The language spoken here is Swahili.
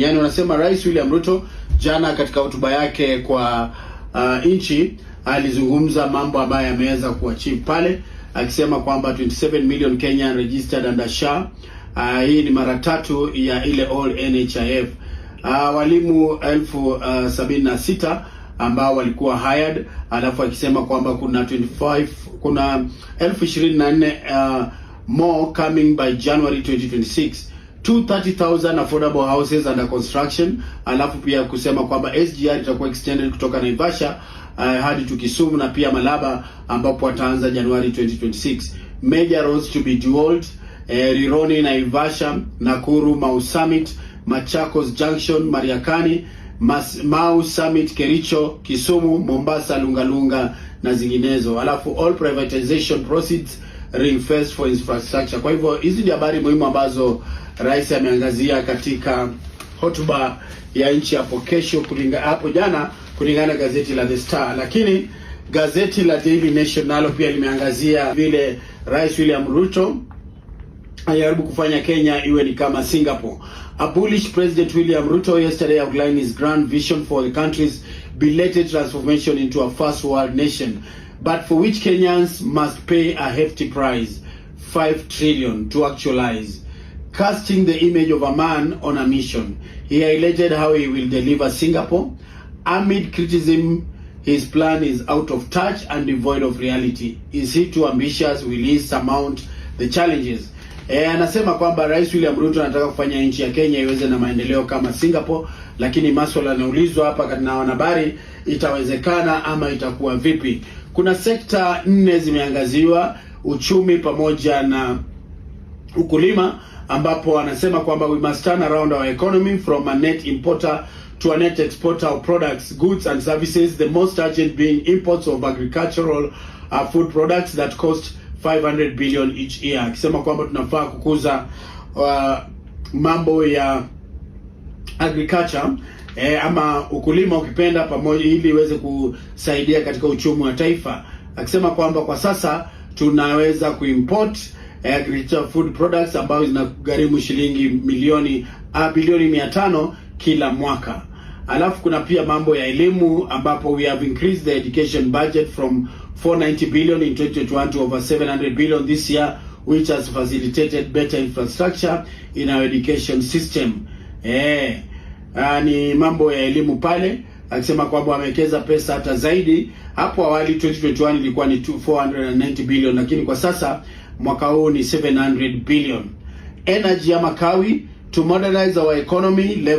Yaani wanasema Rais William Ruto jana katika hotuba yake kwa uh, nchi alizungumza mambo ambayo yameweza kuachieve pale akisema kwamba 27 million Kenya registered under SHA. Uh, hii ni mara tatu ya ile all NHIF. Uh, walimu elfu uh, sabini na sita ambao walikuwa hired, alafu akisema kwamba kuna 25 kuna elfu ishirini na nne uh, more coming by January 2026 230,000 affordable houses under construction, alafu pia kusema kwamba SGR itakuwa extended kutoka Naivasha uh, hadi tukisumu Kisumu na pia Malaba ambapo wataanza Januari 2026. Major roads to be dualed, eh, Rironi, Naivasha, Nakuru, Mau Summit, Machakos Junction, Mariakani, Mas, Mau Summit, Kericho, Kisumu, Mombasa, Lungalunga na zinginezo. Alafu all privatization proceeds reinvest for infrastructure. Kwa hivyo hizi ni habari muhimu ambazo rais ameangazia katika hotuba ya nchi hapo kesho kulinga hapo jana kulingana na gazeti la The Star, lakini gazeti la Daily Nation nalo pia limeangazia vile Rais William Ruto ajaribu kufanya Kenya iwe ni kama Singapore. A bullish President William Ruto yesterday outlined his grand vision for the country's belated transformation into a first world nation, but for which Kenyans must pay a hefty price, 5 trillion to actualize. Casting the image of a man on a mission, he highlighted how he will deliver Singapore. Amid criticism, his plan is out of touch and devoid of reality. Is he too ambitious? Will he surmount the challenges? E, anasema kwamba Rais William Ruto anataka kufanya nchi ya Kenya iweze na maendeleo kama Singapore, lakini maswala yanaulizwa hapa na wanahabari, itawezekana ama itakuwa vipi? Kuna sekta nne zimeangaziwa: uchumi pamoja na ukulima, ambapo anasema kwamba we must turn around our economy from a net importer to a net exporter of products, goods and services, the most urgent being imports of agricultural uh, food products that cost 500 billion each year, akisema kwamba tunafaa kukuza uh, mambo ya agriculture eh, ama ukulima ukipenda pamoja, ili iweze kusaidia katika uchumi wa taifa, akisema kwamba kwa sasa tunaweza kuimport eh, agriculture food products ambazo zinagharimu shilingi milioni uh, bilioni mia tano kila mwaka. Alafu kuna pia mambo ya elimu ambapo we have increased the education budget from 490 billion in 2021 to over 700 billion this year which has facilitated better infrastructure in our education system. Eh, ah, ni mambo ya elimu pale akisema kwamba wamewekeza pesa hata zaidi. Hapo awali 2021 ilikuwa ni 490 billion, lakini kwa sasa mwaka huu ni 700 billion. Energy ya makawi to modernize our economy lever